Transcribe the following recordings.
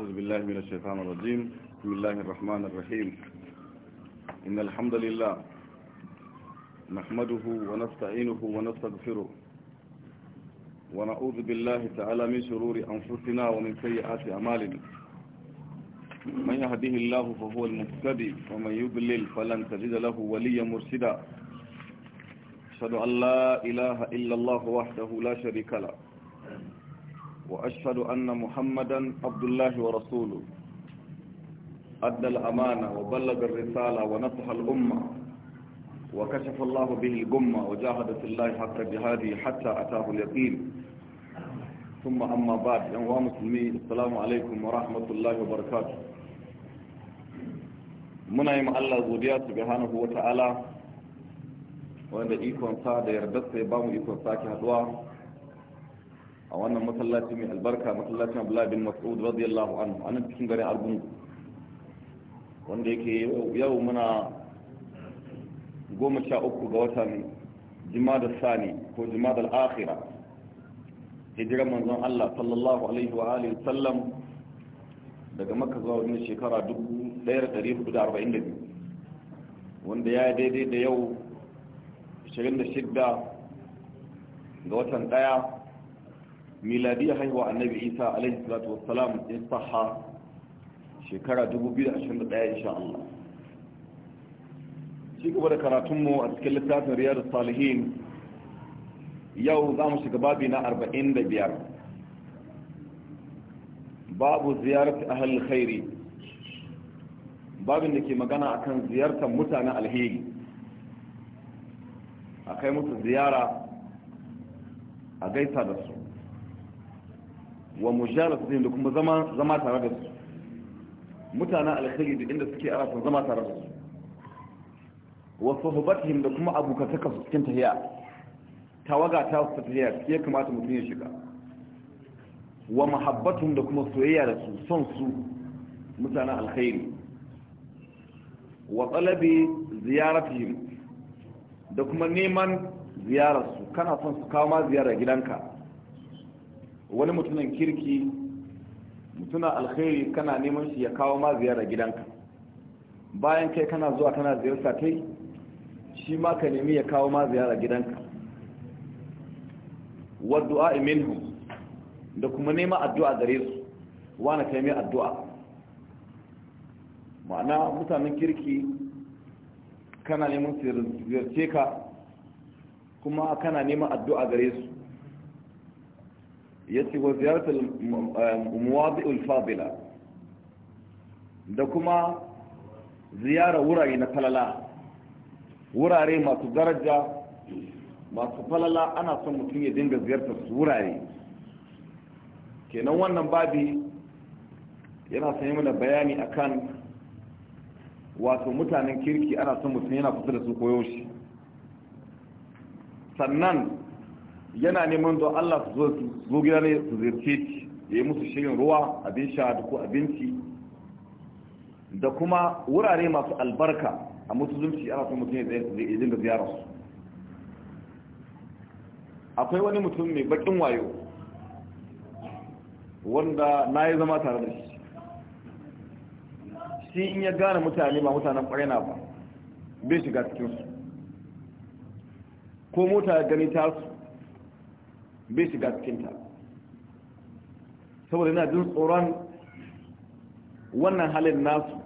أعوذ بالله من الشيطان الرجيم بسم الله الرحمن الرحيم إن الحمد لله نحمده ونستعينه ونستغفره ونعوذ بالله تعالى من شرور أنفسنا ومن سيئات أمالنا من يهده الله فهو المهتدي ومن يضلل فلن تجد له وليا مرشدا أشهد أن لا إله إلا الله وحده لا شريك له وأشهد أن محمدا عبد الله ورسوله أدى الأمانة وبلغ الرسالة ونصح الأمة وكشف الله به الجمة وجاهد في الله حق جهاده حتى أتاه اليقين ثم أما بعد يا مسلمين السلام عليكم ورحمة الله وبركاته muna yi Allah godiya subhanahu wa ta'ala wanda ikon sa da yardar sai ba mu ikon sake haduwa a wannan masallaci mai albarka masallacin abdullahi bin mas'ud radiyallahu anhu nan cikin garin argun wanda yake yau muna goma sha uku ga watan jimadar sani ko jimadar akhira hijiran manzon Allah sallallahu alaihi wa alihi sallam daga maka zuwa wani shekara 1442 wanda ya daidai da yau 26 ga watan daya ميلادية هو النبي عيسى عليه الصلاة والسلام انصحى شكرا دوبو بيد عشان بقية إن شاء الله شكرا وذكراتمو أتكلم الثلاثة من رياض الصالحين يو ضامو شكبابينا أربعين ببيار باب زيارة أهل الخيري باب انك مقانا أكن زيارة متانة الهيري أخي متو زيارة أغيثة بس wa mujalasatihim da kuma zama zama tare da su mutanen alkhairi da inda suke ana zama tare da su wa sahbatihim da kuma abokataka su cikin tahiya tawaga ta su tahiya ya kamata mutum ya shiga wa mahabbatun da kuma soyayya da su son su mutanen alkhairi wa talabi ziyaratihim da kuma neman ziyararsu kana son su kawo ma ziyara gidanka wani mutumin kirki mutuna alkhairi kana neman shi ya kawo ma ziyara gidanka bayan kai kana zuwa kana ziyarta kai shi ma ka nemi ya kawo ma ziyara gidanka du'a minhum da kuma nema addu'a gare su wani kai mai addu'a ma'ana mutanen kirki kana neman ziyarce ka kuma kana neman addu'a gare su yace wa ziyaratul muwadi'ul fadila da kuma ziyara wurare na falala wurare masu daraja masu falala ana son mutum ya dinga ziyartar su wurare kenan wannan babi yana sanya mana bayani akan wato mutanen kirki ana son mutum yana kusa da su koyo shi sannan yana neman don Allah su zo gida ne su zirce shi ya yi musu shirin ruwa abin sha da ko abinci da kuma wurare masu albarka a musulunci ana son mutum ya zai dinga ziyara su akwai wani mutum mai bakin wayo wanda na yi zama tare da shi shi in ya gane mutane ba mutanen ƙwarena ba bai shiga cikinsu ko mota gani tasu bai shiga cikinta saboda yana jin tsoron wannan halin nasu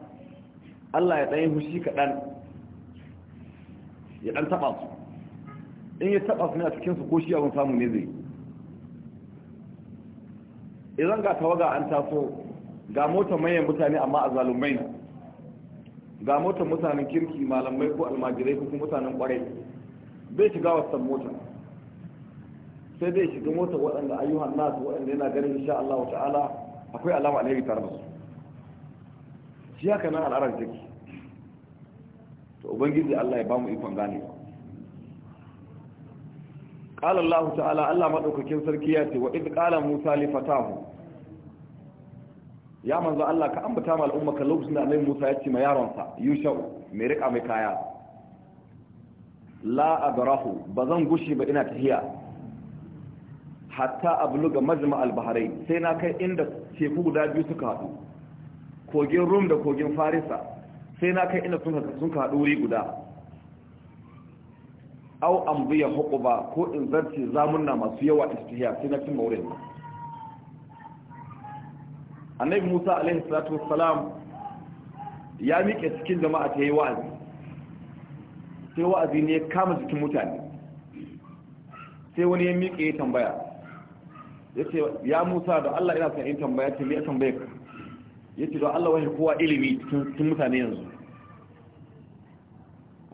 Allah ya ɗanyi hushi kaɗan ya ɗan taɓa su in ya taɓa su ne a cikinsu ko shi abin samu ne zai idan ga tawaga an taso ga motar manyan mutane amma a zalumai ga motar mutanen kirki malamai ko almajirai ko mutanen kwarai bai shiga wasan mota sai dai shiga motar waɗanda ayyuhan nasu waɗanda yana ganin insha Allah ta'ala akwai alama alheri tare da su shi haka nan al'arar take to ubangiji Allah ya bamu ikon gane qala Allah ta'ala Allah madaukakin sarki ya ce wa id qala Musa li fatahu ya manzo Allah ka ambata mal al'umma ka lokacin da Annabi Musa ya ce ma yaronsa Yusha'u mai rika mai kaya la abrahu bazan gushi ba ina tahiya hatta abluga majma al-bahrain sai na kai inda teku guda biyu suka hadu kogin rum da kogin farisa sai na kai inda sun ka hadu wuri guda au ambiya hukuba ko in zarce zamunna masu yawa istihiya sai na cin maurin annabi musa alaihi salatu wassalam ya miƙe cikin jama'a ta yi wa'azi sai wa'azi ne kama cikin mutane sai wani ya miƙe ya tambaya yace ya Musa da Allah ina son in tambaya ce me tambaya ka yace da Allah wahi kowa ilimi cikin mutane yanzu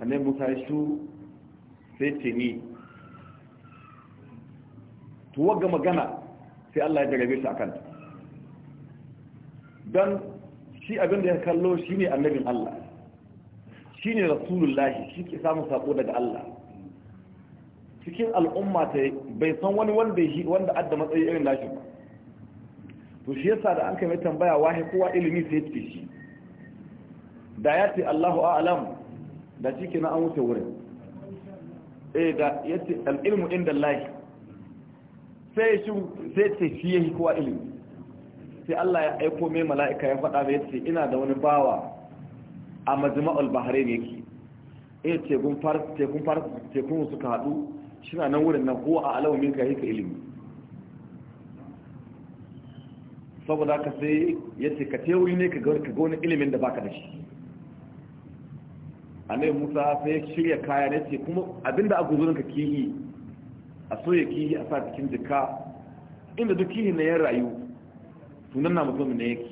annabi Musa ya shu sai ce ni to waga magana sai Allah ya jarabe shi akan ta dan shi abin da ya kallo shine annabin Allah shine rasulullahi shi ke samun sako daga Allah cikin al'umma ta bai san wani wanda shi wanda adda matsayi irin nashi ba to shi yasa da an kai mai tambaya wahi kowa ilimi sai yake shi da ya ce Allahu a'lam da shi kenan an wuce wurin eh da ce al-ilmu inda Allah sai shi sai ce shi yake kowa ilimi sai Allah ya aiko mai mala'ika ya faɗa mai yace ina da wani bawa a majma'ul bahrain yake eh tekun fars tekun fars tekun suka haɗu suna nan wurin nan ko a alawa minka yake ilimi saboda ka sai ya ce ka te wuri ne ka ga wani ilimin da baka da shi annabi Musa sai ya shirya kaya ne ce kuma abinda a guzurin ka kihi a soya kihi a sa cikin jika inda duk kihi na yan rayu tunan na mutum ne yake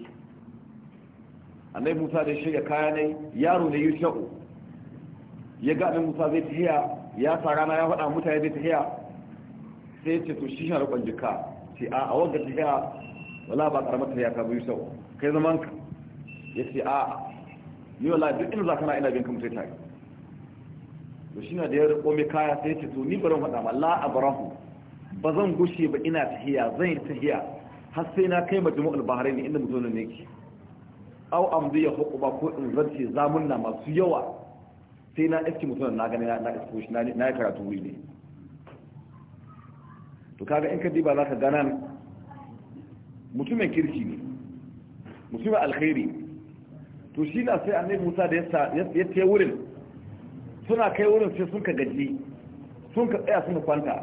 annabi Musa da shirya kaya ne yaro ne ya sha'o ya ga Musa zai tafiya ya fara ma ya faɗa mutane da tafiya sai ce to shi shi rukun jika ce a a wanda tafiya wala ba karamar tafiya ka biyu sau kai zaman ka ya ce a ni wala duk inda na ina bin ka mutai to shi na da ya riko mai kaya sai ce to ni barin faɗa ma la abrahu ba zan gushe ba ina tafiya zan yi tafiya har sai na kai majmu'ul ne inda mutum ne yake au amdi ya hukuba ko in zarce zamunna masu yawa sai na iski mutum na gani na isko shi na yi karatu wuri ne to kaga in ka diba za ka gana mutumin kirki ne mutumin alkhairi to shi na sai annabi musa da ya ce wurin suna kai wurin sai sun ka gaji sun ka tsaya sun kwanta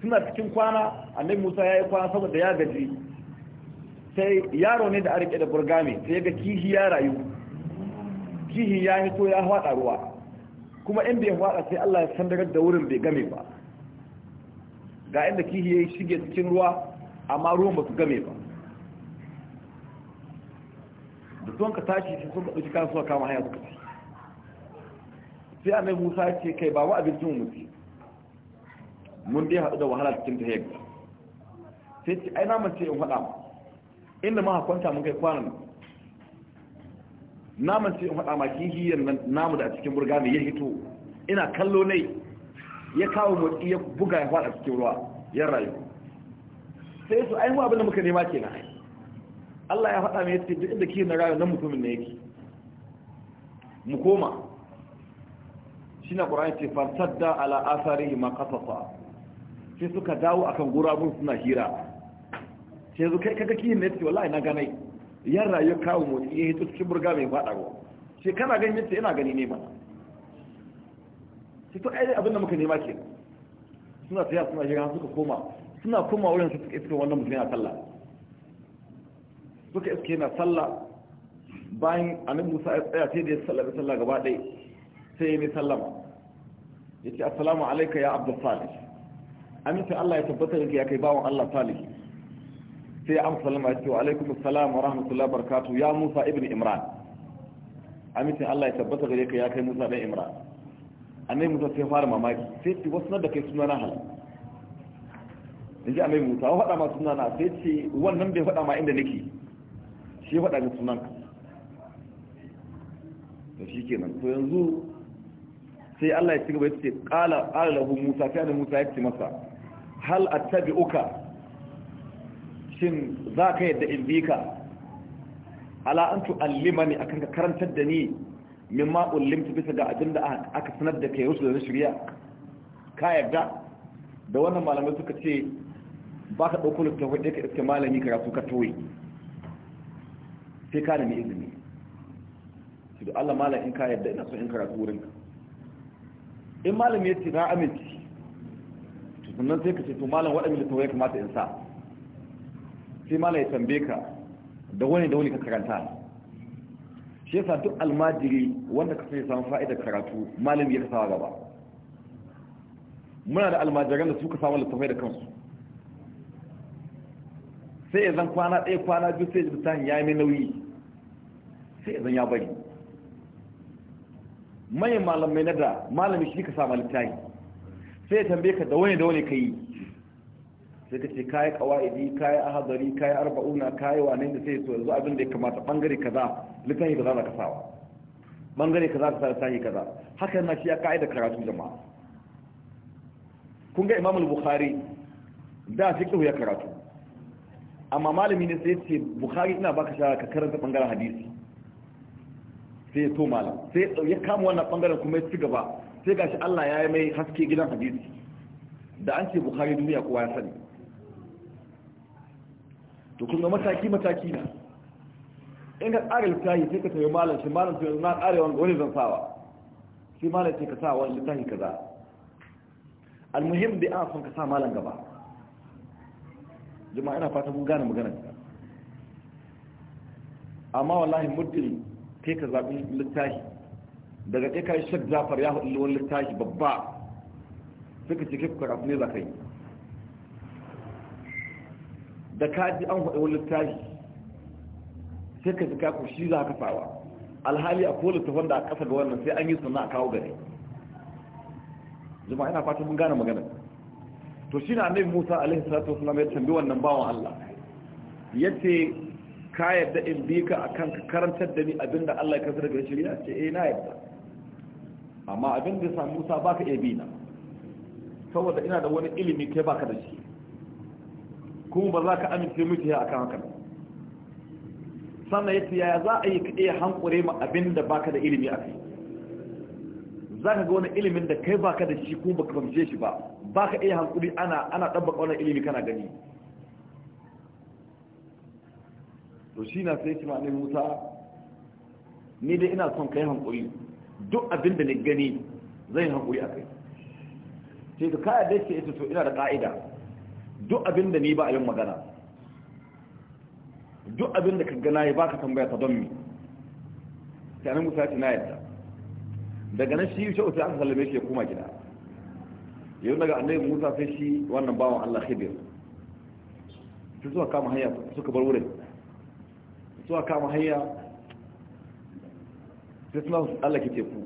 suna cikin kwana annabi musa ya yi kwana saboda ya gaji sai yaro ne da a da burgami sai ya ga kihi ya rayu kihi ya hito ya hwada ruwa kuma in bai hwada sai Allah ya sandarar da wurin bai game ba ga inda kihi ya shige cikin ruwa amma ruwan ba su game ba da tuwon ka tashi shi sun ka ɗauki kasuwa kama haya suka ci sai annai musa ce kai ba wa abincin mu mutu mun dai haɗu da wahala cikin ta yadda sai ce ai naman ce in haɗa inda ma kwanta mun kai kwanan naman sai in faɗa ma kihiyar namu da a cikin burga mai ya hito ina kallo ne ya kawo motsi ya buga ya faɗa cikin ruwa ya rayu sai su ainihin abin da muka nema ke na Allah ya faɗa mai yace duk inda kihiyar na rayu nan mutumin na yake mu koma shi na ƙura'in ce fartadda ala asarihi ma kasasa sai suka dawo akan gurabun suna hira sai su kai kaga kihiyar na yace wallahi na ganai yan rayu kawo motsi ya hito cikin burga mai faɗa ba ce kana ganin yadda yana gani ne mana cikin ainihin abinda muka nema ke suna tsaya suna shiga suka koma suna koma wurin su suka iska wannan mutum yana sallah suka iske yana sallah bayan anin musa ya tsaya sai da ya sallah da sallah gaba ɗaya sai ya yi sallama ya ce assalamu alaika ya abdul salih amince allah ya tabbatar da ya kai bawan allah salihi sai amsa salama ya ce wa alaikum assalam wa rahmatullahi wa barakatuh ya Musa ibn Imran amincin Allah ya tabbata gare ka ya kai Musa dan Imran annabi Musa sai fara mamaki sai ce wasu da kai suna na hal ji annabi Musa wa faɗa ma suna na sai ce wannan bai faɗa ma inda nake shi faɗa min sunan ka to shikenan to yanzu sai Allah ya ci gaba ya ce qala qala lahu Musa sai annabi Musa ya ce masa hal attabi'uka shin za ka yadda in bi ka ala an a ni akan ka karantar da ni min mimma ullimtu bisa ga abinda aka sanar da kai wasu da shirya ka yadda da wannan malamai suka ce ba ka ɗauko littafin hudu ka iske malami karatu ka toye sai ka nemi izini su da Allah malam in ka yadda ina so in karatu wurin ka in malami ya ce na aminci to sannan sai ka ce to malam waɗanda ta ya kamata in sa sai ma ya tambaye ka da wani da wani ka karanta shi yasa duk almajiri wanda ka sai samu fa'idar karatu malami ya kasawa gaba muna da almajiran da suka samu littafai da kansu sai ya zan kwana ɗaya kwana biyu sai littafin ya yi nauyi sai zan ya bari manyan malamai na da malami shi ka samu littafi sai ya tambaye ka da wani da wani ka yi sai ka ce kayi kawaidi kayi ahadari kayi arba'una kayi wane da sai so yanzu abin da ya kamata bangare kaza littafi kaza na kasawa bangare kaza ka sa kaza haka yana shi ya ka'ida karatu jama'a kun ga imam al-bukhari da fiqh ya karatu amma malami ne sai ce bukhari ina baka shawara ka karanta bangaren hadisi sai to malam sai ya kama wannan bangaren kuma ya ci gaba sai gashi Allah ya yi mai haske gidan hadisi da an ce bukhari duniya kowa ya sani to kun ga mataki mataki na in ka tsara littafi sai ka tafi malam shi malam sai na tsara wani zan sawa sai malam sai ka sa wani littafi kaza almuhim bi an son ka sa malam gaba jama'a ina fata mun gane magana amma wallahi muddin kai ka zaɓi littafi daga kai yi shak zafar ya haɗu wani littafi babba suka kai ku karafi ne za ka yi da kaji an faɗi wani littafi sai ka zika ku shi za ka fawa alhali a kowace littafin da a ƙasa ga wannan sai an yi suna a kawo gare Zuma ina fata mun gane magana to shi na annabi musa alaihi salatu wasalam ya tambi wannan bawan allah ya ce ka yadda in bi ka kan ka karantar da ni abinda allah ya kasar daga shirya ce eh na yadda amma abin da ya samu musa ka iya bi na saboda ina da wani ilimi kai baka da shi kuma ba za ka amince miki ya akan haka sannan yace yaya za a yi ka iya hankure ma abin da baka da ilimi a kai za ka ga wani ilimin da kai baka da shi kuma baka fahimce shi ba baka iya hankuri ana ana dabbaka wannan ilimi kana gani to shi na sai ma ne musa ni dai ina son kai hankuri duk abin da ni gani zai hankuri a kai sai ka kaya da shi ita to ina da ka'ida duk abin da ni ba a yin magana duk abin da ka gana ya baka tambaya ta don mi sai annabi Musa ce na yadda daga nan shi shi sai aka sallame shi ya kuma gida yau daga annabi Musa sai shi wannan bawan Allah Khidir su suka kama hanya suka bar wurin suka kama hanya sai suna Allah ke teku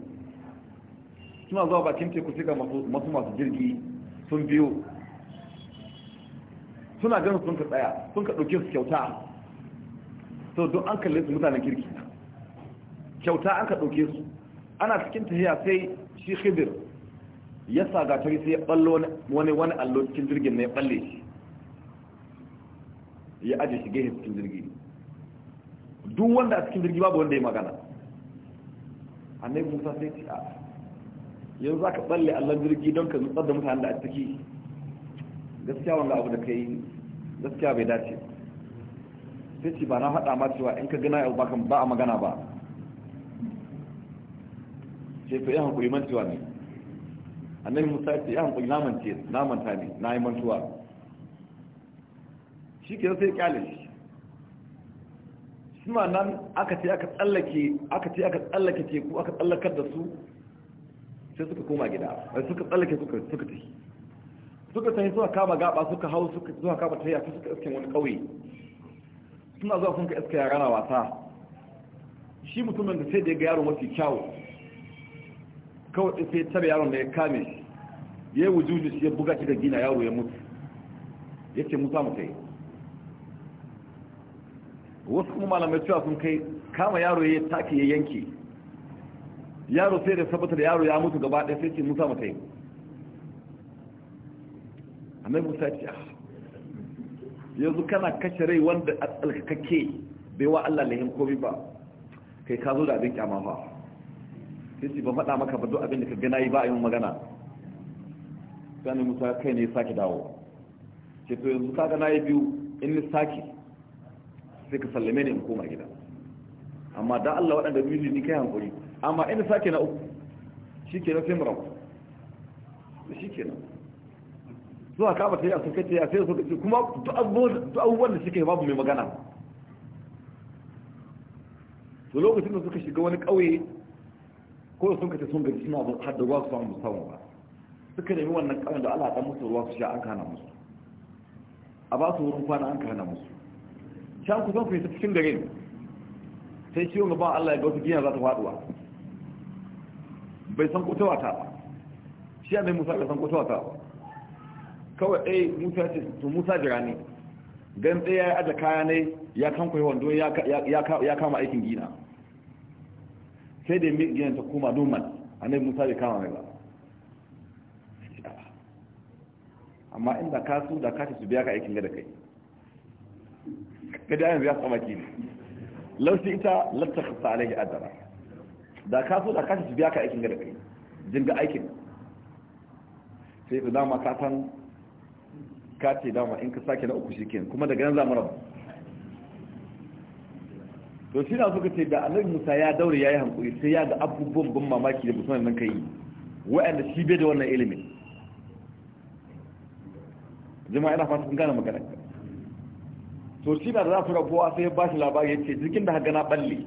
suna zuwa bakin teku suka masu masu jirgi sun biyo suna ganin sun ka tsaya sun ka ɗauke su kyauta so don an kalle su mutanen kirki kyauta an ka ɗauke su ana cikin tahiya sai shi khidir ya sa tari sai ya ballo wani wani allo cikin jirgin ne ya balle shi ya aje shi gehe cikin jirgi duk wanda a cikin jirgi babu wanda ya magana annabi musa sai ce a yanzu za ka balle allon jirgi don ka nutsar da mutanen da a ciki gaskiya wanda abu da kai gaskiya bai dace sai ce ba na haɗa ma cewa in ka gina yau ba a magana ba ce fa yi hankuli mantuwa ne annabi musa ya ce ya hankuli namance namanta ne na yi mantuwa shi ke sai kyale shi suna nan aka ce aka tsallake aka ce aka tsallake teku aka tsallakar da su sai suka koma gida suka tsallake suka suka tafi suka tafi suka kama gaba suka hau suka zuwa kama tafiya suka iske wani kauye suna zuwa sun ka iska yara na wasa shi mutumin da sai da ya ga yaro mafi kyawu kawai sai tare yaron da ya kame shi ya yi wujudu shi ya buga shi da gina yaro ya mutu ya ce musa mu kai wasu kuma malamai cewa sun kai kama yaro ya take ya yanke yaro sai da da yaro ya mutu gaba ɗaya sai ce musa mu kai annai musa ce ah, yanzu kana kashe rai wanda a tsalkake bai wa allah lahin komi ba kai ka zo da abin kyama fa sai ce ba faɗa maka ba duk abin da ka gana yi ba a yi magana sai musa kai ne ya sake dawo ce to yanzu ka gana yi biyu in ni sake sai ka sallame ne in koma gida amma da allah waɗanda biyu ni kai hankuri amma in sake na uku shi ke na sai mura shi ke nan zuwa kama ta yi a suka ce a sai suka ce kuma duk abubuwan da suka yi babu mai magana to lokacin da suka shiga wani ƙauye ko suka kace sun gari suna har da ruwa su samu musamman ba suka nemi wannan ƙauyen da ala'adar musu ruwa su sha an kana musu a ba su wurin kwana an kana musu can kusan ku yi ta cikin garin sai ciwon gaban Allah ya ga wata za ta faduwa bai san kotowa ta ba shi ya mai musa ga san kotowa ta ba kawai ɗaya eh, musa ce su musa jira ne gan ɗaya ya aza kaya ne ya kan kwaye wando ya kama aikin gina sai da mai gina ta koma a nai musa bai kama mai ba amma inda ka su da kashi su biya ka aikin gada kai gada yanzu ya tsamaki ne lausi ita lantar kasa alaihi adara da ka su da kashi su biya ka aikin gada kai jinga aikin sai da dama ka san ka ce dama in ka sake na uku shi kenan kuma daga nan za mu rabu to shi na suka ce da annabi musa ya daure ya yi hankuri sai ya ga abubuwan ban mamaki da musamman nan kai wa'anda shi bai da wannan ilimin jama'a ina fata kun gane magana to shi na da za su rabuwa sai ya ba shi labari ya ce jirgin da haga na balle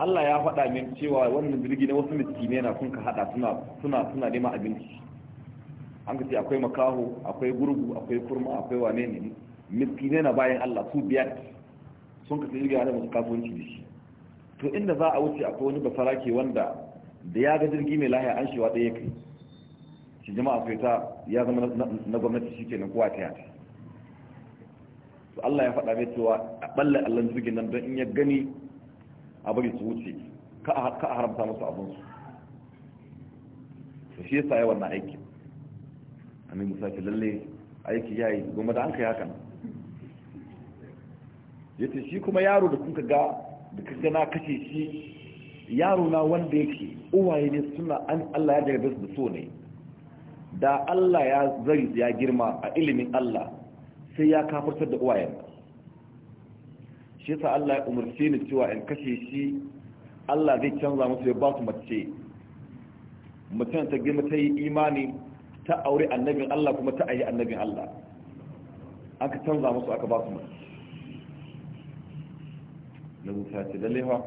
Allah ya faɗa min cewa wannan jirgi na wasu miskine na sun ka haɗa suna suna suna neman abinci an ka ce akwai makaho akwai gurgu akwai kurma akwai wane ne ne na bayan Allah su biyar sun ka jirgin wani masu kasuwanci da shi to inda za a wuce akwai wani basarake wanda da ya ga jirgi mai lahiya an shewa ɗaya kai shi jama'a sai ta ya zama na gwamnati shi ke na kowa ta yata to Allah ya faɗa mai cewa a ɓalla allon jirgin nan don in ya gani a bari su wuce ka a haramta musu abinsu to shi yasa yawan wannan aikin annabi musa ce lalle aiki ya yi goma da an hakan ya ce shi kuma yaro da kuka ga da kaga na kashe shi yaro na wanda yake uwaye ne suna an Allah ya jarabe su da so ne da Allah ya zari ya girma a ilimin Allah sai ya kafartar da uwayen shi yasa Allah ya umarce ni cewa in kashe shi Allah zai canza musu ya ba su mace mutum ta girma ta yi imani ta aure annabin Allah kuma ta ayi annabin Allah aka canza musu aka ba su mace na musa ce lalle fa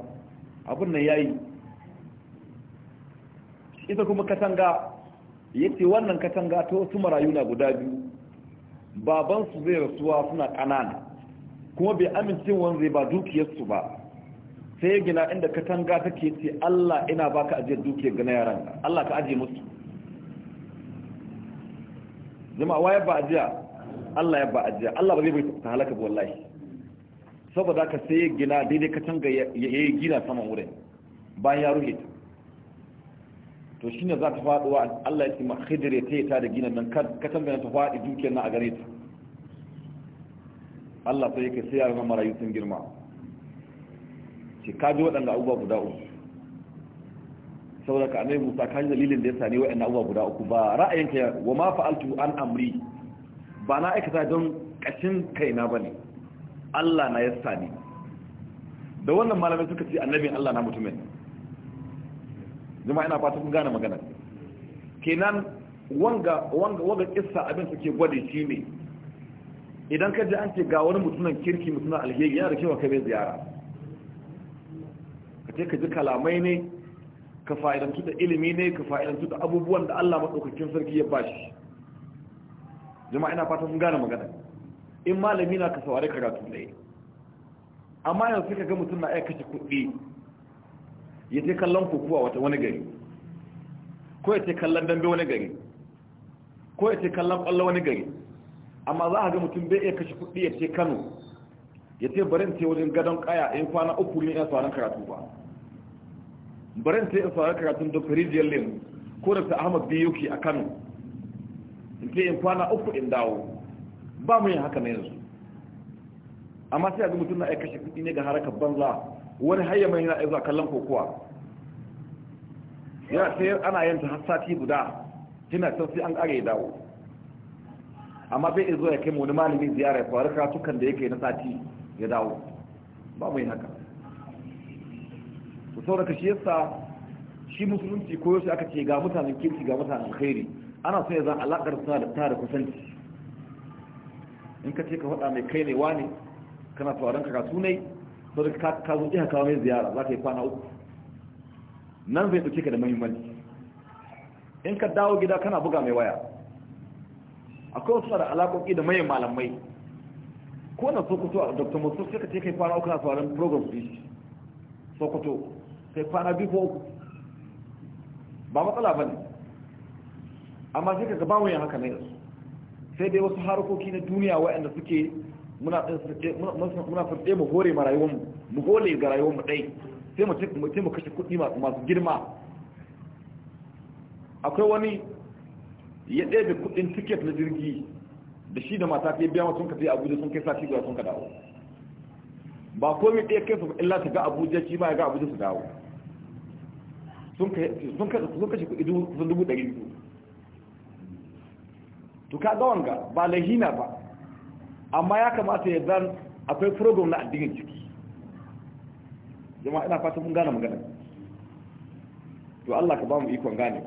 abin nan yayi ita kuma katanga yace wannan katanga ta wasu marayu na guda biyu baban su zai rasuwa suna kanana kuma bai amince wani zai ba dukiyar su ba sai gina inda katanga take ce Allah ina baka ajiyar dukiyar ga yaran Allah ka aje musu jama'a wa ya ba ajiya Allah ya ba ajiya Allah ba zai bai ta halaka ba wallahi saboda ka sai gina daidai ka canga ya yi gina saman wurin bayan ya ruhe to shine za ta faduwa Allah ya ce ma khidir ya taya ta da gina nan ka tanga ta faɗi dukiyar na a gare ta Allah sai ka kai sai ya rama marayu sun girma ce kaji waɗanda abubuwa guda uku saboda ka annabi Musa kan dalilin da ya sani wa'annan abubuwa guda uku ba ra'ayinka wa ma fa'altu an amri ba na aikata don kashin kaina bane Allah na ya sani da wannan malamai suka ce annabi Allah na mutumin jama'a ina fata kun gane magana kenan wanga wanga wanga kissa abin suke gwada shi ne idan ka ji an ce ga wani mutumin kirki mutumin alheri yana da kewa kai mai ziyara ka ce ka ji kalamai ne ka fa'idantu da ilimi ne ka fa'idantu da abubuwan da Allah maɗaukakin sarki ya bashi jama'a ina fata sun gane magana in malami na ka saurari karatu ne amma yanzu ka ga mutum na aikaci kuɗi ya ce kallon kukuwa wata wani gari ko ya ce kallon dambe wani gari ko ya ce kallon ƙwallo wani gari amma za a ga mutum bai iya kashe kuɗi ya ce kano ya ce bari in ce wajen gadon ƙaya in kwana uku ne ya sauran karatu ba barin ta in fara karatun da rijiyar lemu ko da ahmad biyuki a kano in ce in kwana uku in dawo ba mu yin haka na yanzu amma sai a ga mutum na aika shi kuɗi ne ga harakar banza wani hayya mai yana aiki zuwa kallon kokowa yana sai ana yin ta sati guda tana can sai an kare ya dawo amma bai izo ya kai mu wani malamin ziyara ya faru karatukan da yake na sati ya dawo ba mu yin haka to saboda shi yasa shi musulunci ko yaushe aka ce ga mutanen kirki ga mutanen alkhairi ana son ya zan alakar suna da tare kusanci in ka ce ka faɗa mai kai ne wa ne kana tsawaron ka kasu ne da ka zo jiha kawo mai ziyara za ka yi kwana uku nan zai ɗauke ka da mahimmanci. in ka dawo gida kana buga mai waya akwai wasu da alaƙoƙi da mayan malamai ko na sokoto a dr musu sai ka ce kai kwana uku na tsawaron program ɗin sokoto sai kwana biyu ko uku ba matsala ba ne amma sai kaga bamu yin haka ne yanzu sai dai wasu harkoki na duniya waɗanda suke muna furɗe mu hore ma rayuwarmu mu hore ga rayuwarmu ɗai sai mu ce mu kashe kuɗi masu girma akwai wani ya ɗebe kuɗin tiket na jirgi da shi da mata ya biya wa sun kafe abuja sun kai sati guda sun ka dawo ba komai ɗaya kai su illa ta ga abuja shi ma ya ga abuja su dawo sun kashe sun dubu ɗari biyu to ka ga ba lahina ba amma ya kamata ya zan akwai program na addinin ciki jama'a ina fata mun gane magana to Allah ka ba mu ikon gane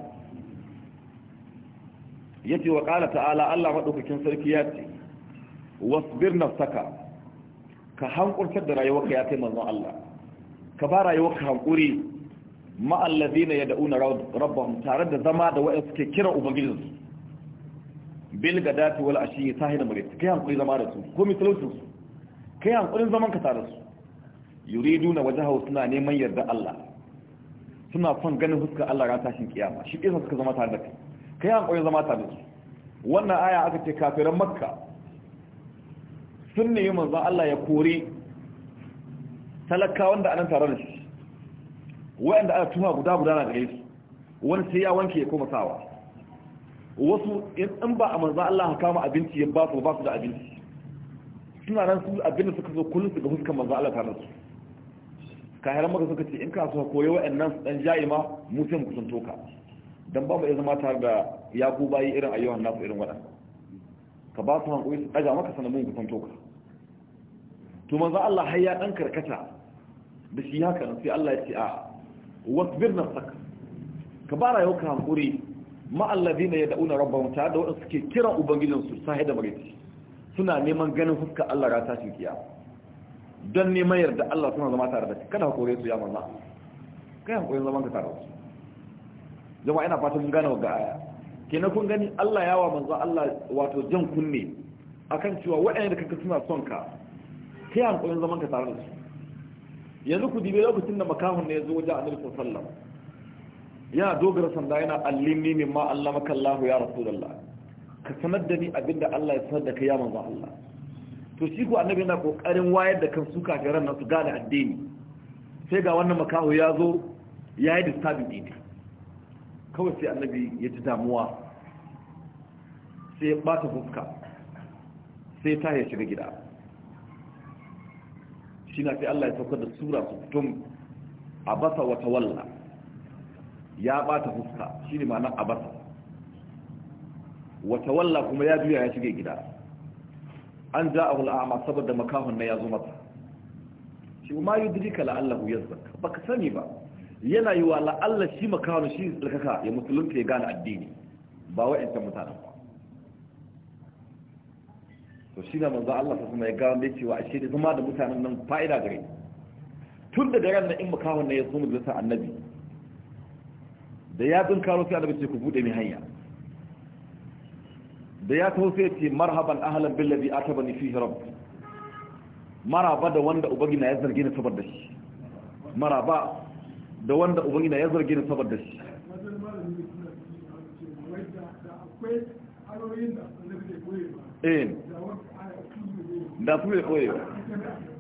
yace wa qala ta'ala Allah madaukakin sarki ya ce wasbir nafsaka ka hankurtar da rayuwarka ya kai manzon Allah ka ba rayuwarka hankuri ya dauna rabbahum tare da zama da wa'in suke kira ubangijinsu bil gadati wal ashi sahina mare kai hankuri zama da su ko misalutun su kai hankurin zaman ka tare su yuriduna wajhahu suna neman yarda Allah suna son ganin huskar Allah ran tashin kiyama shi kisa suka zama tare da kai kai hankurin zama tare su wannan aya aka ce kafiran makka sun nemi manzon Allah ya kore talakawan da anan tare da shi wa'anda aka tuma guda guda na gare su wani sai ya wanke ya koma sawa wasu in ba a manza Allah ka kama abinci ya ba su ba su da abinci suna nan su abin da suka zo kullum su ga huskan manza Allah ta nasu ka haram maka suka ce in ka so koyi wa'annan dan ja'ima mu sai mu kusan toka dan ba mu iya zama tare da yaku bayi irin ayyuhan nasu irin wadan ka ba su hankali su daga maka sanan mu kusan toka to manzo Allah har ya dan karkata da shi haka sai Allah ya ce a'a wasbir nafsaka ka ba rayuwarka hankuri ma ya da'una rabban ta da wadanda suke kiran ubangijin su sai da magana suna neman ganin fuskar Allah ra ta cikin don neman yarda Allah suna zama tare da shi, kada hakuri su ya manna kai hakurin zaman ka tare da su jama'a ina fatan gane wa ga aya kenan kun gani Allah yawa manzo Allah wato jan kunne akan cewa waɗanda kanka suna son ka kai hankulin zaman ka tare da su yanzu ku dibe lokacin da makahun ne ya wajen annabi sallallahu ya dogara sanda yana allimi min ma allamaka Allah ya rasulullah ka sanar da ni abinda Allah ya sanar da kai ya manzo Allah to shi ku annabi yana kokarin wayar da kan su kafiran nan su gane addini sai ga wannan makaho ya zo ya yi disturbing din kawai sai annabi ya ji damuwa sai ya bata fuska sai ta ya shiga gida shi na fi Allah ya saukar da sura su A basa wata walla ya bata fuska shi ne ma'anar basa. Wata walla kuma ya juya ya shige gida an ja a hula hul'ama saboda makahon na ya zo mata shi ma yi dirika la'allahu ya zaka Ba ka sani ba yana yi wa la'allah shi makahon shi tsarkaka ya musulunta ya gane addini ba wa'yancan mutane. ba to shi na manzo Allah sa kuma ya gawo da cewa ashe da zama da mutanen nan fa'ida gare tun da daren nan in makahon nan ya zo majalisar annabi da ya dun karo sai annabi ce ku bude mai hanya da ya taho sai ce marhaban ahlan billazi atabani fihi rabb maraba da wanda na ya zargi ni saboda shi maraba da wanda na ya zargi ni saboda shi eh da su mai koyewa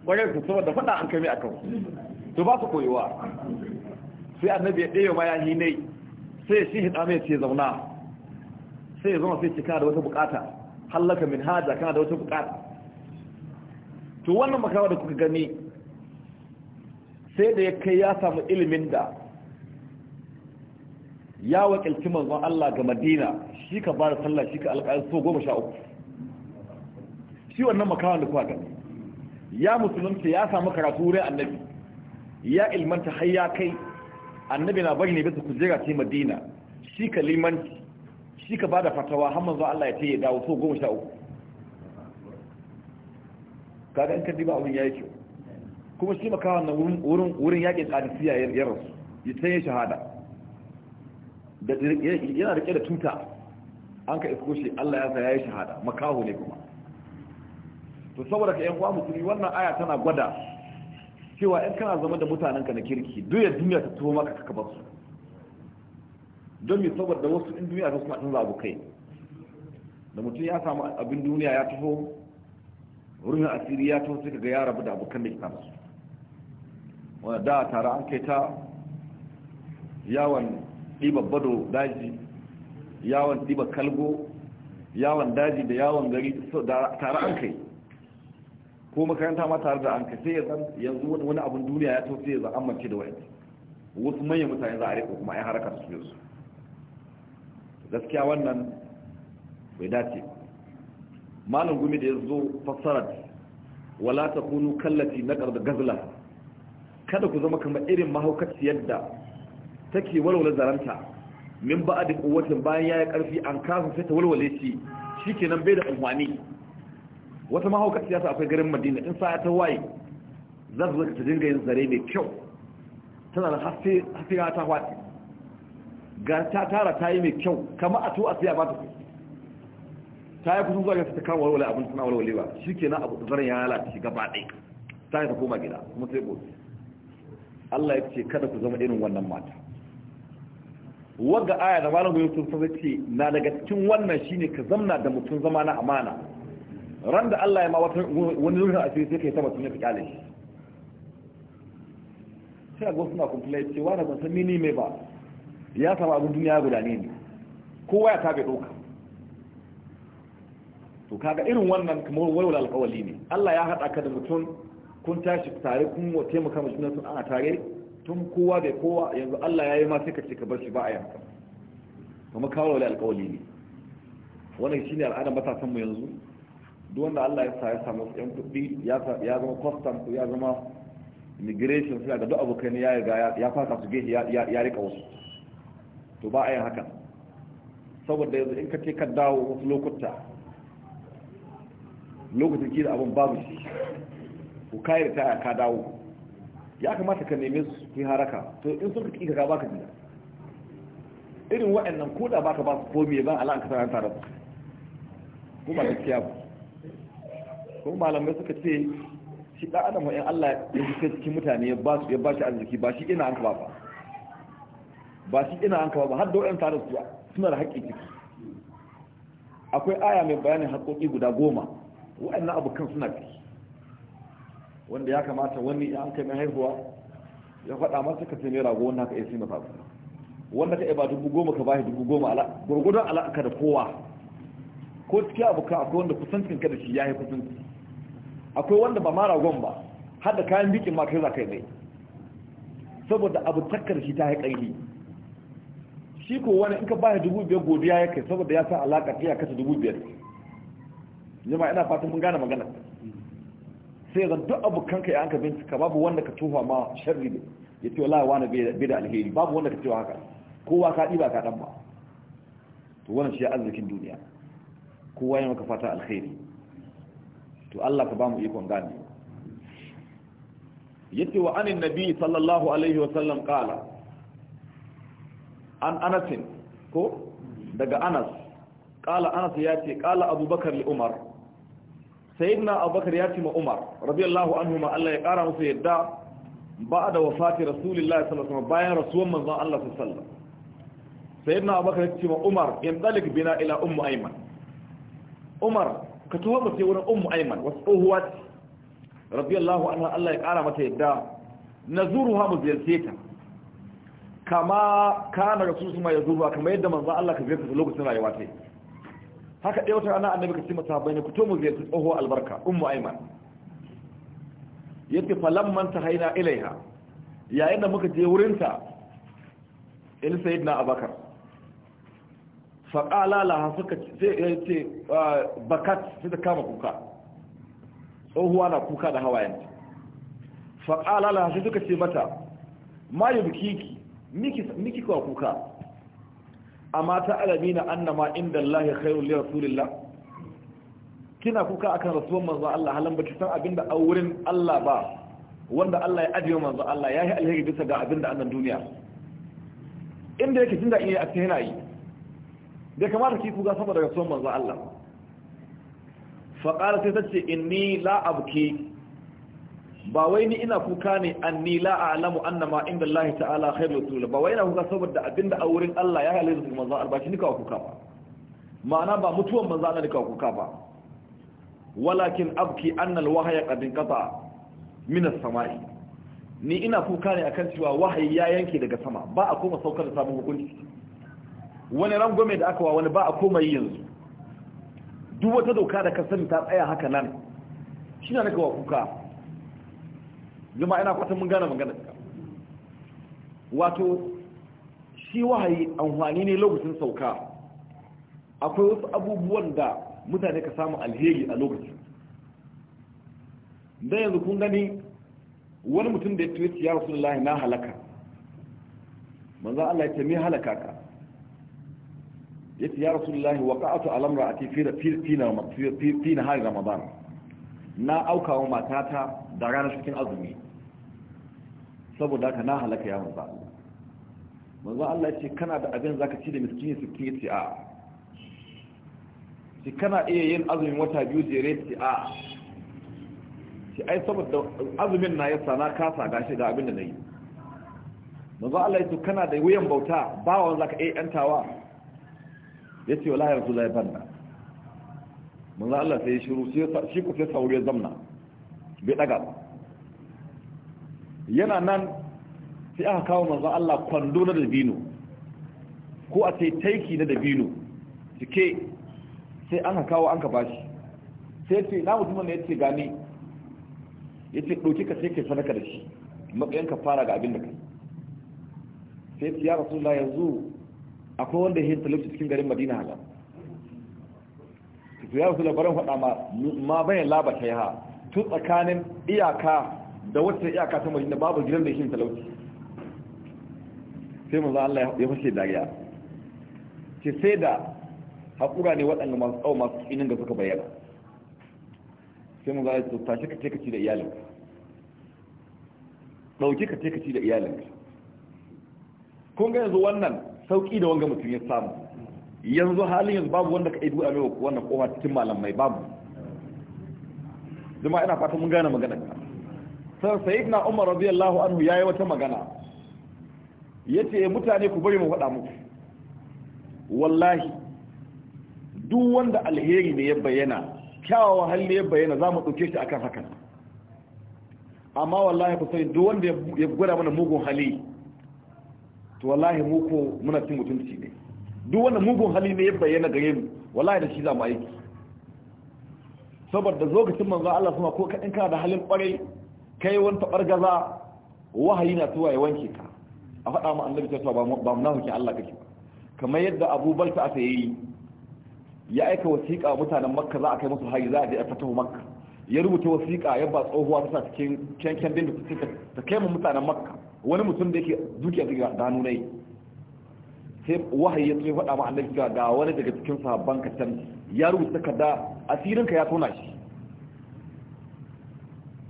kwarai su saboda faɗa an kame kan to ba su koyewa sai annabi ya ɗaya ma ya hinai sai shi hita mai ce zauna sai ya zama sai cika kana da wata bukata hallaka min hada kana da wata bukata to wannan makawa da kuka gani sai da ya kai ya samu ilimin da ya wakilci manzon Allah ga Madina shi ka ba da sallah shi ka alƙalin so goma sha uku shi wannan makawan da kuwa gani ya musulunci ya samu karatu wurin annabi ya ilmanta har ya kai annabi na bari ne bisa jira ce madina shi ka limanci shi ka bada fatawa har manzo Allah ya ce ya dawo so goma sha uku kaga in ka diba abin yi kyau kuma shi makawan na wurin wurin wurin yakin ya rasu ya tsaye shahada da yana rike da tuta an ka isko shi Allah ya sa ya yi shahada makaho ne kuma to saboda ka yan uwa musulmi wannan aya tana gwada cewa in kana zama da mutanen ka na kirki duk duniya ta tuwo maka ka kaba su don mi saboda wasu in duniya ta suna tun zabu kai da mutum ya samu abin duniya ya taho wurin asiri ya taho sai ka ga ya rabu da abokan da ke su wanda da tare an kai ta yawon ɗiba bado daji yawon ɗiba kalgo yawon daji da yawon gari tare an kai ko makaranta ma tare da an ka sai yanzu wani abin duniya ya tausaye za an da wayansu wasu manyan mutane za a rika kuma ai harkar su su gaskiya wannan bai dace malam gumi da ya zo fassarar wala kunu kallati na da gazla kada ku zama kamar irin mahaukaciyar da take walwala zaranta min ba'd quwwatin bayan yayi karfi an kafa sai ta walwale shi shikenan bai da amfani wata mahaukar siyasa akwai garin madina in sa'a ta waye za su ta dinga yin zare mai kyau tana da ya ta hwaɗi ga ta tara ta yi mai kyau kama a tuwa a siya ba ta kusa ta yi kusan zuwa ga ta kawo walwale abin suna walwale ba shi ke na abu zaren ya lalace gaba ɗai ta yi ta koma gida kuma sai ko Allah ya ce kada ku zama irin wannan mata wadda aya da malamu yusuf sun ce na daga cikin wannan shine ka zamna da mutum zama na amana ran da Allah ya ma wata wani ruhin asiri sai kai tabbatun ya fi kyale shi sai a gosu na kumfilai cewa da ban san mini mai ba ya samu abin duniya guda ne ne kowa ya tabe ɗauka to kaga irin wannan kamar walwala alƙawali ne Allah ya haɗa ka da mutum kun tashi tare kun wa taimaka mashi sun ana tare tun kowa da kowa yanzu Allah ya yi ma sai ka ce ka bar shi ba a yanka kuma kawo walwala alƙawali ne wannan shine al'adar matasanmu yanzu duk wanda Allah ya sa ya samu yan kuɗi ya zama kwastan ya zama immigration suna da duk abokan ya riga ya fasa su gehe ya rika wasu to ba a yin hakan saboda yanzu in ka ce ka dawo wasu lokuta lokacin da abin babu shi ku kayar ta ka dawo ya kamata ka neme su ku haraka to in sun kika ka baka jiya irin waɗannan koda baka ba su komi ban Allah an kasar an tare su kuma da kiyabu kuma malamai suka ce shi da adam wa'in Allah ya fi cikin mutane ya ba su ya ba shi arziki ba shi ina an kaba ba ba shi ina an kaba ba har da wa'in tare su suna da haƙƙi ciki akwai aya mai bayanin haƙƙoƙi guda goma na abokan suna fi wanda ya kamata wani ya an kai mai haihuwa ya faɗa masa ka sai mai rago wanda haka ya sai masa wanda ka ba dubu goma ka ba shi dubu goma gurgudan ala'aka da kowa ko cikin abokan akwai wanda kusancin ka da shi ya yi kusanci akwai wanda ba mara gwan ba har da kayan bikin ma kai za yi mai saboda abu takkar shi ta yi ƙarfi shi ko wani in ka ba dubu biyar godiya ya kai saboda ya sa alaƙa ta kasa dubu biyar jama ina fatan mun gane magana sai zan duk abokan ka ya anka bincika babu wanda ka tuha ma sharri ne ya ce lawa wani bai da alheri babu wanda ka ce haka kowa ka ɗiba ka ɗan ba to wannan shi ya arzikin duniya kowa ya maka fata alkhairi to Allah ka ba mu ikon gane yace wa anin nabi sallallahu alaihi wa sallam qala an anas ko daga anas qala anas yace qala abubakar li umar sayyidina abubakar yace ma umar radiyallahu anhu ma Allah ya kara musu yadda ba'da wafati rasulillahi sallallahu alaihi wa sallam bayan rasuwan manzon Allah sallallahu alaihi wa sallam sayyidina abubakar yace ma umar in dalik bina ila ummu ayman umar ka tuwo mu wurin ummu wasu tsohuwa ce anha Allah ya kara mata yadda nazuruha mu ziyarce ta kama kana rasulullah ya zuruwa kama yadda manzo Allah ka ziyarce lokacin rayuwa ta haka dai wata rana annabi ka ce mata bai ne ku to mu ziyarce tsohuwa albarka ummu ayman yace falamman haina ilaiha yayin da muka je wurinta in sayyidina abakar faƙala laha suka ce ah, bakat sai kama kuka tsohuwa na kuka da hawayen. faƙala laha sai suka ce mata ma yi bukiki miki kawa kuka amma ta alami na annama inda Allah ya khairu lera sulillah kina kuka akan rasuwan manzo Allah halan baki san abinda a wurin Allah ba wanda Allah ya ajiye manzo Allah ya yi alheri bisa ga abinda annan duniya inda yake jin daɗi a cikin yana yi bai kamata ki kuga sama daga son manzo Allah Faƙar sai ta ce inni la abki ba wai ni ina kuka ne anni la a'lamu annama inda Allah ta'ala khairu rasul ba wai ina kuka saboda abinda a wurin Allah ya halaye su manzo Allah shi nika kuka ba ma'ana ba mutuwan manzo Allah nika kuka ba walakin abki anna al-wahya qad inqata min as-sama'i ni ina kuka ne akan cewa wahayi ya yanke daga sama ba a koma saukar da sabon hukunci wani rangwame da aka wa wani ba a komai yanzu duk wata doka da ka sani ta tsaya haka nan shi na naka wa kuka zama ina kwatan mun gane magana wato shi wahayi amfani ne lokacin sauka akwai wasu abubuwan da mutane ka samu alheri a lokacin da yanzu kun gani wani mutum da ya tuwe ya rasu na halaka manzan Allah ya ce mai halaka ka yace ya rasulullahi waqa'atu ala imra'ati fi fi fi nahar ramadan na auka wa matata da ranar cikin azumi saboda haka na halaka ya manzo manzo Allah yace kana da abin zaka ci da miskini ki yace a shi kana iya yin azumin wata biyu jere yace a shi ai saboda azumin na yasa na kasa gashi da abin da nayi manzo Allah yace kana da wuyan bauta bawon zaka iya yantawa ya ce wala yanzu lai banna manzo Allah sai ya shiru shi ku sai sauri ya zamna bai daga ba yana nan sai aka kawo manzo Allah kwando na dabino ko a sai taiki na dabino cike sai an kawo an ka bashi sai ce na mutum ne yace gani yace dauki ka sai kai sanaka da shi mabiyan ka fara ga abin da kai sai ya rasulullahi yanzu akwai wanda ya talauci cikin garin madina hala su ya rasu labarin faɗa ma bayan laba ta yi tun tsakanin iyaka da wata iyaka ta madina babu gidan da ya talauci sai manzo Allah ya fashe dariya ce sai da haƙura ne waɗanda masu tsawo masu tsinin da suka bayyana sai mun Allah ya ce tashi ka teka ci da iyalinka ɗauki ka teka ci da iyalinka kun ga yanzu wannan sauki da wanga mutum ya samu yanzu halin yanzu babu wanda ka aidu a mewa wannan kowa cikin malamai babu zama ina fata mun gane magana ka sai na umar radiyallahu anhu yayi wata magana ya ce eh, mutane ku bari mu faɗa muku wallahi duk wanda alheri ne ya bayyana kyawawan hali ya bayyana za mu ɗauke shi akan hakan amma wallahi ku sani duk wanda ya gwada mana mugun hali to wallahi mu ko muna cin mutunci ne duk wanda mugun hali ne ya bayyana gare mu wallahi da shi za mu aiki saboda lokacin manzo Allah kuma ko in kana da halin kwarai kai wani tabar gaza wahayi na tuwa ya wanke ka a faɗa mu annabi cewa ba mu nahuki Allah kake kamar yadda Abu Balta aka yi ya aika wasiƙa mutanen Makka za a kai musu hari za a je a fatahu Makka ya rubuta wasiƙa ya ba tsohuwa ta cikin kyankyan din da ta kai mu mutanen Makka wani mutum da yake dukiya daga danunai sai wahayi ya tsoye faɗa ma'anar cewa ga wani daga cikin sahabban ka can ya rubuta ka asirin ka ya tona shi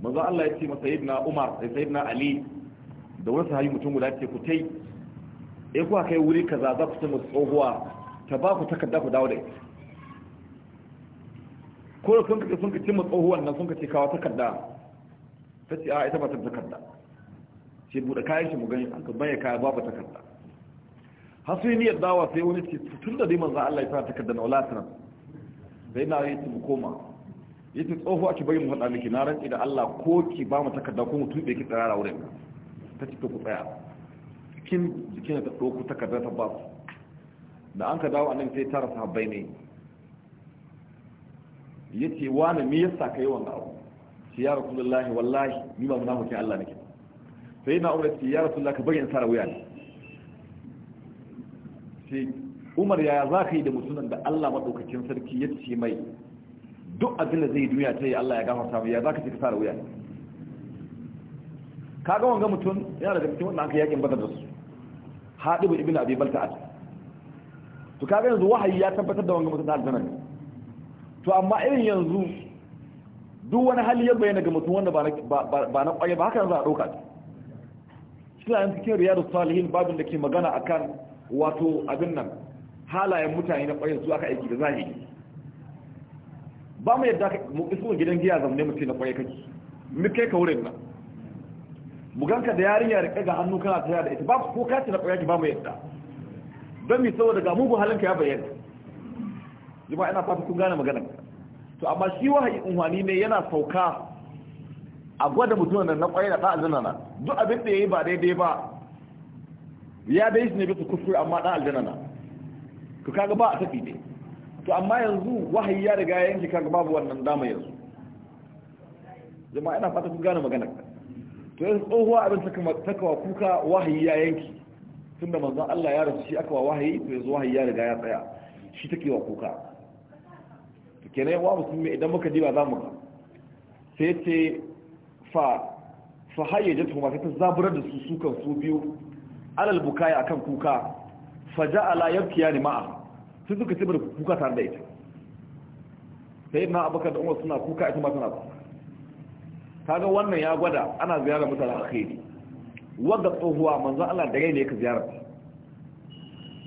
manzo Allah ya ce ma sayyidina Umar da eh, sayyidina Ali da wani sahabi mutum guda ce ku tai eh ku kai wuri kaza za ku samu tsohuwa ta ba ku takarda ku dawo da ita ko sun kace sun kace mu tsohuwan nan sun kace kawo takarda ta ce a ita ba ta takarda ce buɗe kayan shi mu gani an ka baya kaya babu takarda har sai niyyar dawa sai wani ce tun da dai za Allah ya sa takarda na wala sanan sai na yi mu koma yace tsoho ake bari mu faɗa miki na rantsi da Allah ko ki ba mu takarda ko mu tuɓe ki tsirara wurin ta ci ku tsaya kin jikin ta ɗauko takarda ta ba da an ka dawo nan sai tara sahabbai ne yace wani me yasa yi wannan abu shi ya rasulullahi wallahi ni ba mu hukin Allah nake sai na umar ce ya rasulullah ka bari in sara wuya ne sai umar ya za ka yi da mutumin da Allah maɗaukacin sarki ya ce mai duk abin da zai duniya ta yi Allah ya gafa samu ya za ka ce ka sara wuya ne ka ga wanga mutum yana daga cikin wanda aka yakin badar da su haɗibu ibn abi balta'at to kaga yanzu wahayi ya tabbatar da wanga mutum da aljanna to amma irin yanzu duk wani hali ya bayyana ga mutum wanda ba na kwaye ba haka yanzu a ɗauka suna yin cikin riyadu salihin babin da ke magana a kan wato abin nan halayen mutane na ƙwayar su aka aiki da zahiri ba mu yadda mu isu gidan giya zamne mutum na ƙwayar kaki mukai ka wurin nan buganka da yarinya da ga hannu kana ta da ita ba ko kaci na ƙwarai ba mu yadda don mi saboda ga mugun halinka ya bayyana jama'a ina fata kun gane maganan to amma shi wahayi unhwani ne yana sauka a gwada mutumin nan na kwaye da ɗan aljanna duk abin da ya yi ba daidai ba ya dai shi ne bisa kuskure amma ɗan aljanna na to kaga ba a tafi ne to amma yanzu wahayi ya riga ya yanke kaga babu wannan dama yanzu jama'a ina fata ku gane magana to yanzu tsohuwa abin takawa kuka wahayi ya yanke da manzon Allah ya rasu shi aka wa wahayi to yanzu wahayi ya riga ya tsaya shi take wa kuka to kenan wa musulmi idan muka diba za mu ga sai ce fa fa hayyajatu ma ta zaburar da su su kan su biyu alal bukaya akan kuka fa ja'ala yabkiyani ma'a su suka tibar kuka tare da ita sai na abakar da umar suna kuka ita ma tana kuka kaga wannan ya gwada ana ziyarar mutane alkhairi wadda tsohuwa manzon Allah da rai ne ka ziyarar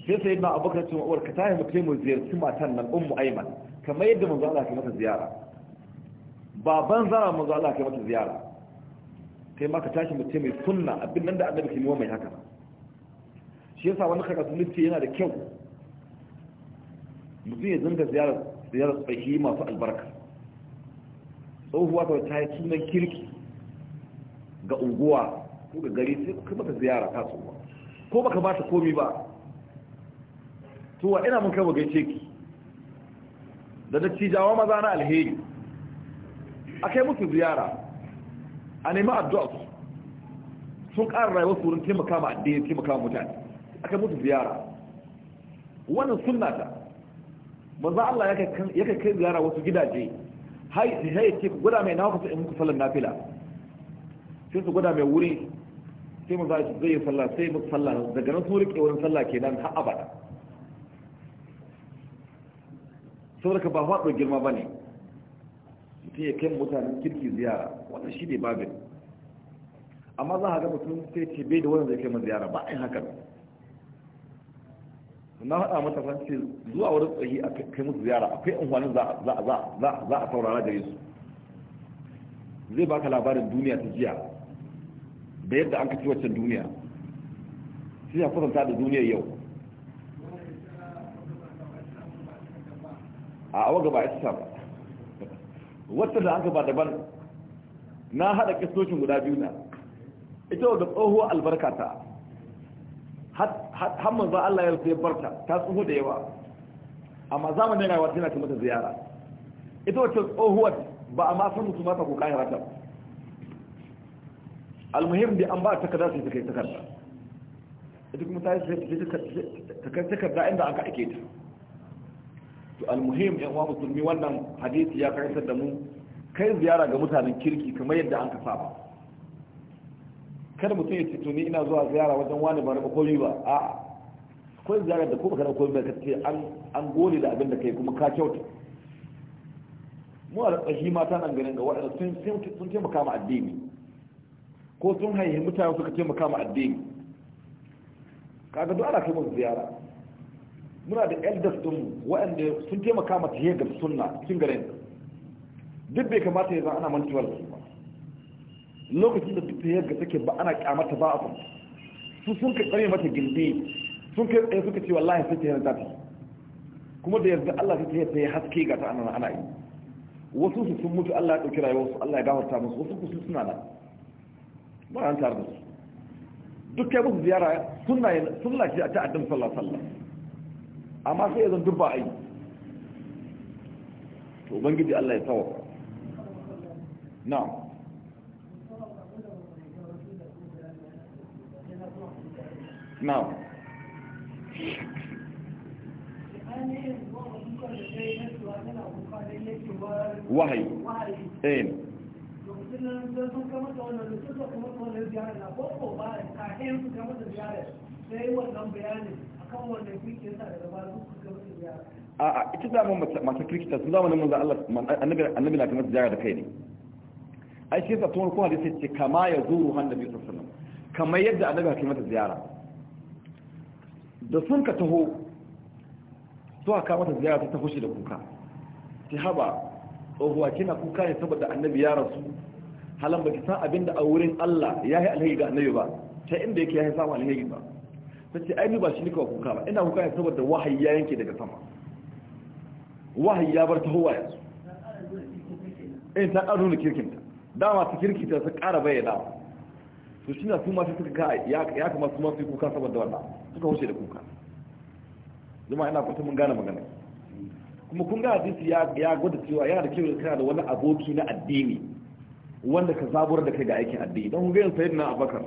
sai sai na abakar ce umar ka tahi mu kai mu ziyarci matan nan ummu aiman kamar yadda manzon Allah ke mata ziyara baban zara manzon Allah ke mata ziyara kai ma ka tashi mutum mai sunna abin nan da annabi ke mai haka shi yasa wani karatu nufi yana da kyau mutum ya zanga ziyarar ziyarar tsaki masu albarka tsohuwa ta ta yi sunan kirki ga unguwa ko ga gari sai ka mata ziyara ta tsohuwa ko baka ba ta komi ba wa ina mun kai gaishe ki da dattijawa maza na alheri a kai musu ziyara a nemi addu'a su sun ƙara rayuwar su wurin taimaka ma addini taimaka ma mutane aka mutu ziyara wannan sunna ta manzo Allah ya kai ziyara wasu gidaje hai hai ce gwada mai nawa in muku sallar nafila sai su gwada mai wuri sai manzo Allah zai yi sallah sai muku sallah daga nan sun rike wurin sallah kenan har abada saboda ka ba faɗo girma bane mutum ya kai mutanen kirki ziyara wannan shi ne babin amma za a ga mutum sai ce bai da wani zai kai mu ziyara ba ai haka na hada mata ce zuwa wurin tsayi a kai musu ziyara akwai unhwanin za a saurara gare su zai baka labarin duniya ta jiya da yadda an kaci waccan duniya sai ya kusanta da duniyar yau a awa gaba ya ba wata da an gaba daban na haɗa kistocin guda biyu na ita da tsoho albarka ta har manzo Allah ya rufe barta ta tsoho da yawa amma zamanin rayuwa tana ta mata ziyara ita da tsohuwar ba a ma san mutum mata ko kayan rata almuhim da an ba ta kada su kai takarda ita kuma ta yi sai takarda inda aka ake ta to almuhim yan uwa musulmi wannan hadisi ya kai da mu kai ziyara ga mutanen kirki kamar yadda an ka saba kada mutum ya tuni ina zuwa ziyara wajen wani ba raba komi ba a akwai ziyara da kuma kada komi ba kace an an gole da abin da kai kuma ka kyauta mu a tsahi mata nan ganin ga waɗanda sun sun taimaka ma addini ko sun haihi mutane suka taimaka ma addini kaga duk ana kai musu ziyara muna da elders din waɗanda sun taimaka ma tahiyar ga sunna cikin garin duk bai kamata ya zama ana mantuwar su lokacin da duk yi ga take ba ana kyamata ba a kun su sun ka tsare mata gindi sun kai tsaye suka ce wallahi sai ta yarda ta kuma da yarda Allah sai ta yi ya haske ga ta anan ana yi wasu su sun mutu Allah ya dauki rayuwar su Allah ya gafarta musu wasu ku suna nan ba an tare da su duk kai musu ziyara sunna sunna ce ta addin sallallahu alaihi wasallam amma sai yanzu duk ba ai to ubangiji Allah ya tsawo na'am نعم وحي ايه a ita zaman masu kirkita sun zamanin da Allah annabi na da ziyara da kai ne ai shi yasa tun ko da sai ce kama ya zuru han da biyu sassanin kamar yadda annabi na kamar ziyara da sun ka taho zuwa kama ta ziyara ta taho shi da kuka ta haba tsohuwa kina kuka ne saboda annabi ya rasu halan baki san abin da a wurin Allah ya yi alheri ga annabi ba ta inda yake ya yi samun alheri ba ta ce ainihin ba shi nika wa kuka ba ina kuka ne saboda wahayi ya yanke daga sama wahayi ya bar tahowa yanzu in eh, ta ƙaru da kirkinta dama ta kirkinta ta ƙara bayyana to shi na kuma sai suka ka ya kamata kuma su kuka saboda wannan suka huce da kuka zama ina fata mun gane magana kuma kun ga hadisi ya gwada cewa yana da kyau kana da wani aboki na addini wanda ka zabura da kai ga aikin addini don ga sayyidina abakar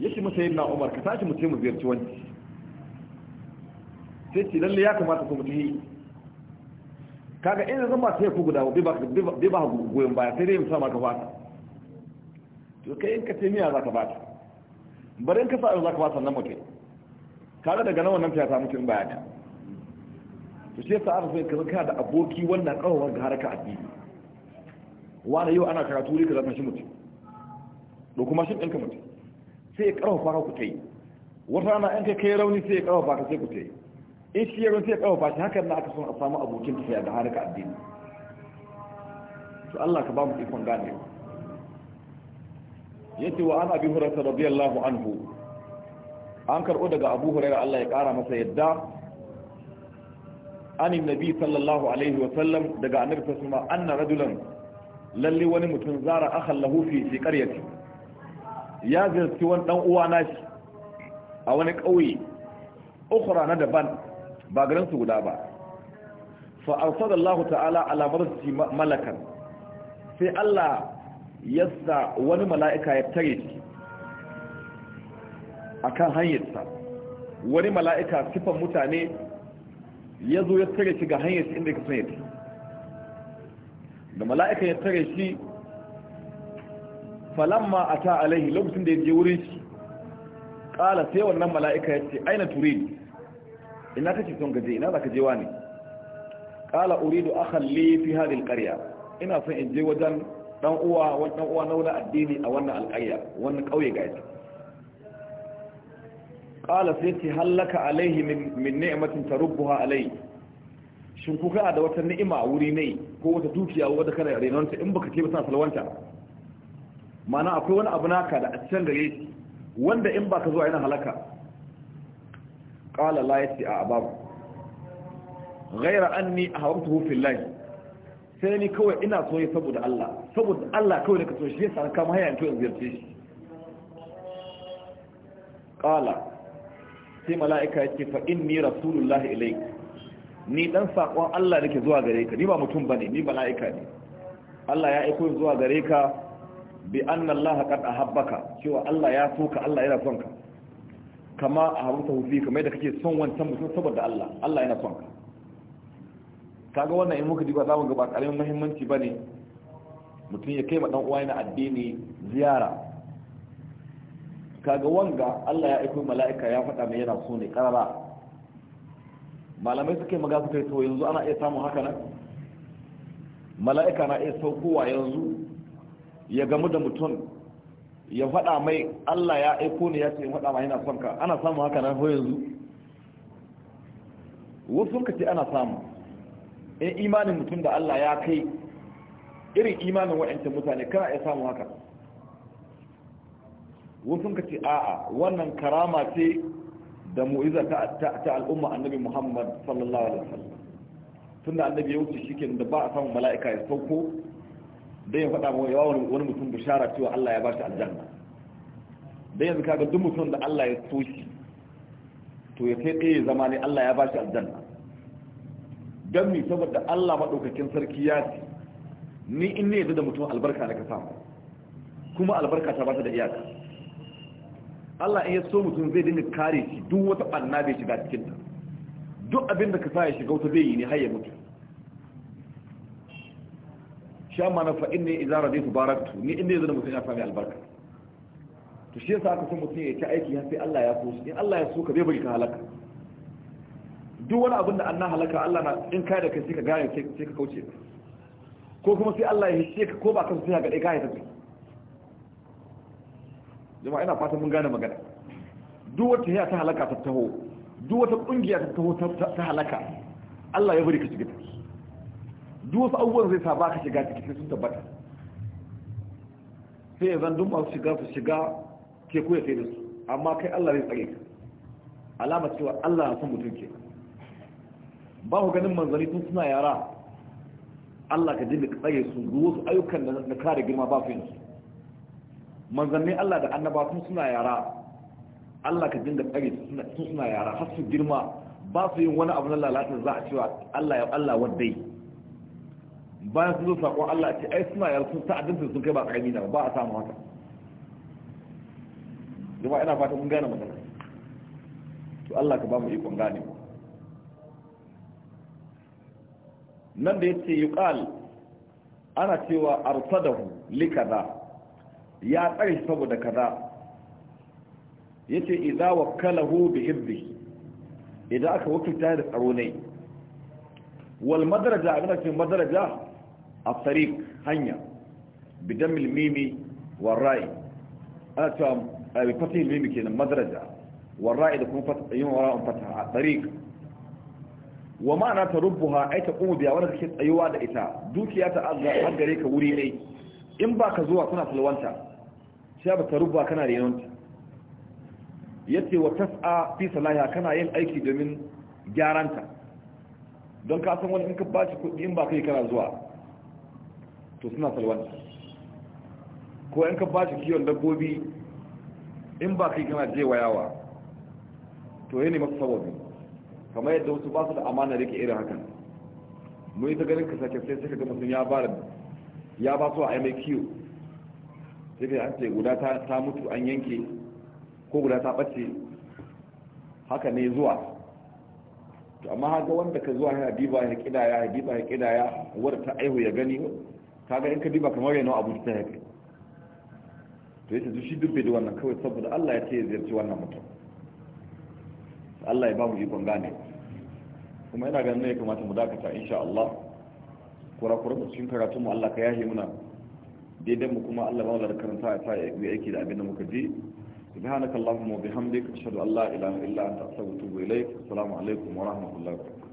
ya ce masa sayyidina umar ka tashi mu ce mu ziyarci wani sai ce lalle ya kamata ku mutu kaga ina zama sai ku guda bai ba goyon baya sai dai mu sa ka fata to kai in ka ce miya za ka bata bari in ka sa za ka bata nan mutum kaga daga nan wannan ta samu tun bayana to sai sa aka sai ka zaka da aboki wannan kawawar ga haraka addini wani yau ana karatu ne ka zama shi mutum da kuma shi ɗinka mutum sai ya karfafa ka ku ta yi wata rana in ka kai rauni sai ya karfafa ka sai ku ta yi in shi yaron sai ya karfafa shi hakan na aka son a samu abokin tafiya da haraka addini to Allah ka ba mu ikon ganewa yace wa ana bi hurairah radiyallahu anhu an karbo daga abu hurairah Allah ya kara masa yadda an annabi sallallahu alaihi wa sallam daga annabi sallallahu anna rajulan lalle wani mutum zara akhal lahu fi fi qaryati ya zirci wani dan uwa nashi a wani kauye ukhra na daban ba garin su guda ba fa arsala Allah ta'ala ala marsi malakan sai Allah yasa wani mala'ika ya tare shi kan hanyarsa wani mala'ika sifan mutane ya zo ya tare shi ga hanyarsa inda ka sanya ta da mala'ika ya tare shi falamma a ta alaihi lokacin da ya je wurin shi ƙala sai wannan mala'ika ya ce aina turin ina ka ce son gaje ina za ka jewa ne ƙala uridu a halli fi hadin ƙarya ina son in je wajen dan uwa wani dan uwa na wani addini a wannan alƙayya wannan ƙauye ga yasa qala sai ce hallaka alaihi min ni'matin tarubbuha alai. shin kuka da wata ni'ima a wuri ne ko wata dukiya wadda kana renonta in baka ce ba tana salwanta mana akwai wani abu naka da a cikin gare shi wanda in baka zuwa yana halaka qala la yati a babu ghayra anni ahawtuhu fillahi sai ni kawai ina so ya saboda Allah saboda Allah kawai da ka shi ya sa kama haya to ziyarce shi qala sai mala'ika yake fa inni rasulullahi ilaik ni dan sakon Allah nake zuwa gare ka ni ba mutum bane ni mala'ika ne Allah ya aiko zuwa gare ka bi anna Allah qad ahabbaka cewa Allah ya so ka Allah yana son ka kama a ahabbta hufi kamar da kake son wancan mutum saboda Allah Allah yana son ka kaga wannan in muka diba zamu ga ba karamin muhimmanci bane mutum ya kai ma dan na addini ziyara kaga wanga Allah ya aiko mala'ika ya faɗa mai yana so ne karara malamai suke maga suka yi to yanzu ana iya samun haka nan mala'ika na iya saukowa yanzu ya gamu da mutum ya faɗa mai Allah ya aiko ne ya ce faɗa mai yana son ka ana samun haka nan ko yanzu wasu ka ce ana samu in imanin mutum da Allah ya kai irin imanin wa'ancan mutane kana iya samun haka wasu ka ce a'a wannan karama ce da mu'iza ta al'umma annabi muhammad sallallahu alaihi wasallam tun da annabi ya wuce shikin da ba a samun mala'ika ya sauko da ya faɗa wa yawon wani mutum bishara cewa allah ya ba shi aljanna da yanzu kaga duk mutum da allah ya so to ya kai tsaye zama ne allah ya ba shi aljanna don mi saboda allah maɗaukakin sarki ya ce ni in ne yadda da mutum albarka na ka samu kuma albarka ta ba ta da iyaka Allah in ya so mutum zai dinga kare shi duk wata ɓanna bai shiga cikin ta duk abin da ka sa ya shiga wata zai yi ne har ya mutu sha ma na in ne izara zai tubaraktu ni in ne yadda da mutum ya sami albarka to shi yasa aka so mutum ya ta aiki har sai Allah ya so shi in Allah ya so ka zai bari ka halaka duk wani abin da an na halaka Allah na in kai da kai sai ka gane sai ka kauce ko kuma sai Allah ya hisse ka ko ba ka sai ga dai ka haifa jama'a ina fata mun gane magana duk wata hiya ta halaka ta taho duk wata kungiya ta taho ta halaka Allah ya bari ka shiga ciki duk wasu abubuwan zai sa ba ka shiga ciki sai sun tabbata sai ya zan duk su shiga su shiga ke ya sai da su amma kai Allah zai tsare ka alama cewa Allah na san mutum ke ba ku ganin manzanni tun suna yara Allah ka dinga tsaye su wasu ayyukan da kare girma ba su yanzu manzannin Allah da annaba sun suna yara Allah ka dinga tsare su suna yara har su girma ba su yin wani abu na lalata za a cewa Allah ya Allah waddai bayan sun zo saƙon Allah ce ai suna yara sun ta'addinta sun kai ba ƙarami na ba a samu haka jama'a ina fata mun gane magana to Allah ka ba mu ikon ganewa nan da ya ce yuqal ana cewa arsadahu likaza ya tsare saboda kaza yace idza wakkalahu bi hibbi idan aka wakilta da tsaro ne wal madaraja abin da madaraja a tariq hanya bidam milmimi mimi wal ana cewa a eh, bi fatih al-mimi kenan madaraja wal ra'i da kuma fatih yin wara'a fatah a tariq wa ma'ana ta rubuha ai ta kuma biya wanda kake tsayuwa da ita dukiya ta har gare ka wuri ne in ba ka zuwa kana salwanta sai ba ta rubuwa kana renonta yace wa tas'a fi salaha kana yin aiki domin gyaranta don ka san wani in ka baci kuɗi in ba kai kana zuwa to suna salwanta ko in ka baci kiyon dabbobi in ba kai kana je wayawa to yene masu sababi kamar yadda wasu ba su da amana rike irin hakan mun yi ta ganin ka sake sai suka ga mutum ya ba ya ba su a mai sai ka an ce guda ta mutu an yanke ko guda ta ɓace haka ne zuwa to amma haka wanda ka zuwa ya diba ya kidaya ya diba ya kidaya wadda ta aihu ya gani ga in ka diba kamar yana abu ta ya kai to yace shi dubbe da wannan kawai saboda Allah ya ce ya ziyarci wannan mutum Allah ya ba mu ikon gane kuma yana ganin ya kamata mu dakata insha Allah kurakuran da cikin mu Allah ka yahi muna daidai mu kuma Allah ba mu da karanta ya sa ya aiki da abin da muka ji subhanakallahumma wa bihamdika ashhadu an la ilaha illa anta astaghfiruka wa atubu ilaik assalamu alaikum wa rahmatullahi wa barakatuh